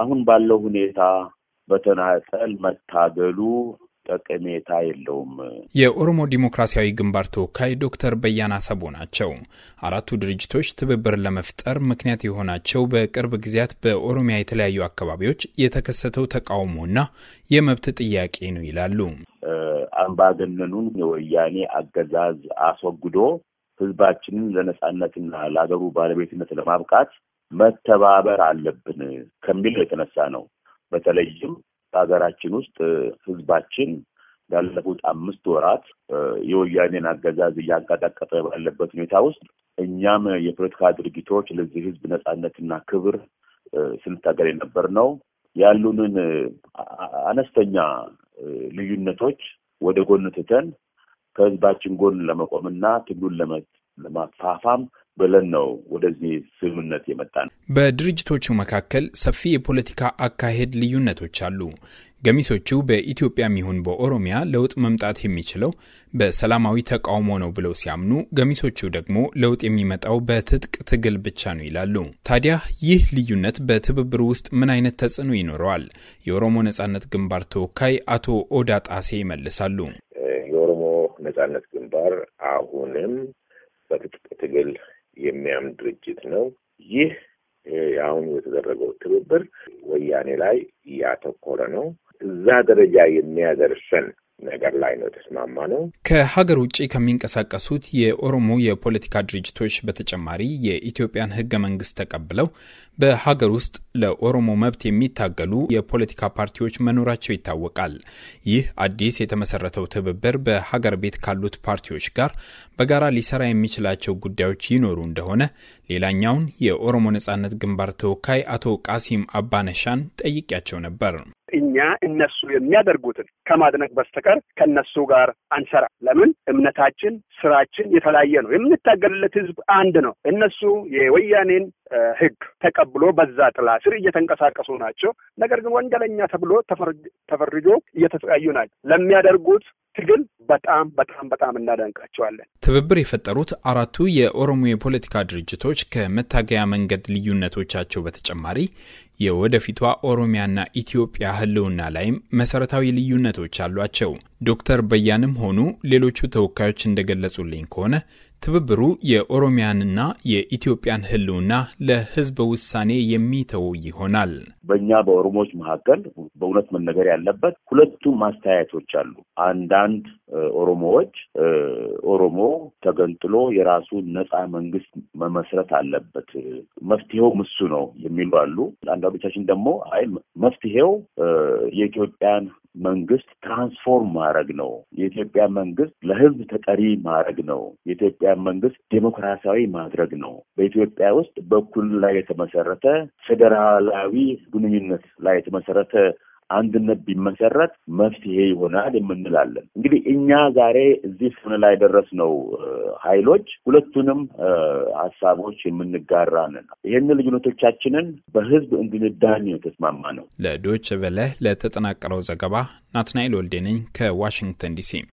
አሁን ባለው ሁኔታ በተናጠል መታገሉ ጠቀሜታ የለውም። የኦሮሞ ዲሞክራሲያዊ ግንባር ተወካይ ዶክተር በያና ሰቦ ናቸው። አራቱ ድርጅቶች ትብብር ለመፍጠር ምክንያት የሆናቸው በቅርብ ጊዜያት በኦሮሚያ የተለያዩ አካባቢዎች የተከሰተው ተቃውሞና የመብት ጥያቄ ነው ይላሉ። አምባገነኑን የወያኔ አገዛዝ አስወግዶ ህዝባችንን ለነጻነትና ለአገሩ ባለቤትነት ለማብቃት መተባበር አለብን ከሚል የተነሳ ነው። በተለይም በሀገራችን ውስጥ ህዝባችን ያለፉት አምስት ወራት የወያኔን አገዛዝ እያንቀጠቀጠ ባለበት ሁኔታ ውስጥ እኛም የፖለቲካ ድርጊቶች ለዚህ ህዝብ ነጻነትና ክብር ስንታገል የነበር ነው። ያሉንን አነስተኛ ልዩነቶች ወደ ጎን ትተን ከህዝባችን ጎን ለመቆምና ትግሉን ለማፋፋም ብለን ነው ወደዚህ ስምምነት የመጣ ነው። በድርጅቶቹ መካከል ሰፊ የፖለቲካ አካሄድ ልዩነቶች አሉ። ገሚሶቹ በኢትዮጵያም ይሁን በኦሮሚያ ለውጥ መምጣት የሚችለው በሰላማዊ ተቃውሞ ነው ብለው ሲያምኑ፣ ገሚሶቹ ደግሞ ለውጥ የሚመጣው በትጥቅ ትግል ብቻ ነው ይላሉ። ታዲያ ይህ ልዩነት በትብብሩ ውስጥ ምን አይነት ተጽዕኖ ይኖረዋል? የኦሮሞ ነጻነት ግንባር ተወካይ አቶ ኦዳ ጣሴ ይመልሳሉ። የኦሮሞ ነጻነት ግንባር አሁንም በትጥቅ ትግል የሚያምን ድርጅት ነው። ይህ አሁን የተደረገው ትብብር ወያኔ ላይ እያተኮረ ነው። እዛ ደረጃ የሚያደርሰን ነገር ላይ ነው የተስማማ ነው። ከሀገር ውጭ ከሚንቀሳቀሱት የኦሮሞ የፖለቲካ ድርጅቶች በተጨማሪ የኢትዮጵያን ህገ መንግስት ተቀብለው በሀገር ውስጥ ለኦሮሞ መብት የሚታገሉ የፖለቲካ ፓርቲዎች መኖራቸው ይታወቃል። ይህ አዲስ የተመሰረተው ትብብር በሀገር ቤት ካሉት ፓርቲዎች ጋር በጋራ ሊሰራ የሚችላቸው ጉዳዮች ይኖሩ እንደሆነ ሌላኛውን የኦሮሞ ነጻነት ግንባር ተወካይ አቶ ቃሲም አባነሻን ጠይቄያቸው ነበር። እኛ እነሱ የሚያደርጉትን ከማድነቅ በስተቀር ከነሱ ጋር አንሰራ። ለምን? እምነታችን፣ ስራችን የተለያየ ነው። የምንታገልለት ህዝብ አንድ ነው። እነሱ የወያኔን ህግ ተቀብሎ በዛ ጥላ ስር እየተንቀሳቀሱ ናቸው። ነገር ግን ወንጀለኛ ተብሎ ተፈርጆ እየተሰቃዩ ናቸው። ለሚያደርጉት ትግል በጣም በጣም በጣም እናደንቃቸዋለን። ትብብር የፈጠሩት አራቱ የኦሮሞ የፖለቲካ ድርጅቶች ከመታገያ መንገድ ልዩነቶቻቸው በተጨማሪ የወደፊቷ ኦሮሚያና ኢትዮጵያ ህልውና ላይም መሰረታዊ ልዩነቶች አሏቸው። ዶክተር በያንም ሆኑ ሌሎቹ ተወካዮች እንደገለጹልኝ ከሆነ ትብብሩ የኦሮሚያንና የኢትዮጵያን ህልውና ለህዝብ ውሳኔ የሚተው ይሆናል። በእኛ በኦሮሞዎች መካከል በእውነት መነገር ያለበት ሁለቱም ማስተያየቶች አሉ። አንዳንድ ኦሮሞዎች ኦሮሞ ተገንጥሎ የራሱ ነፃ መንግስት መመስረት አለበት፣ መፍትሄው ምሱ ነው የሚሉ አሉ። አንዳንዶቻችን ደግሞ አይ መፍትሄው የኢትዮጵያን መንግስት ትራንስፎርም ማድረግ ነው። የኢትዮጵያ መንግስት ለህዝብ ተጠሪ ማድረግ ነው። የኢትዮጵያ መንግስት ዴሞክራሲያዊ ማድረግ ነው። በኢትዮጵያ ውስጥ በኩል ላይ የተመሰረተ ፌዴራላዊ ግንኙነት ላይ የተመሰረተ አንድነት ቢመሰረት መፍትሄ ይሆናል የምንላለን። እንግዲህ እኛ ዛሬ እዚህ ስን ላይ ደረስነው ኃይሎች ሁለቱንም ሀሳቦች የምንጋራንን ይህን ልዩነቶቻችንን በህዝብ እንድንዳኝ የተስማማ ነው። ለዶች በለህ ለተጠናቀረው ዘገባ ናትናኤል ወልዴ ነኝ ከዋሽንግተን ዲሲ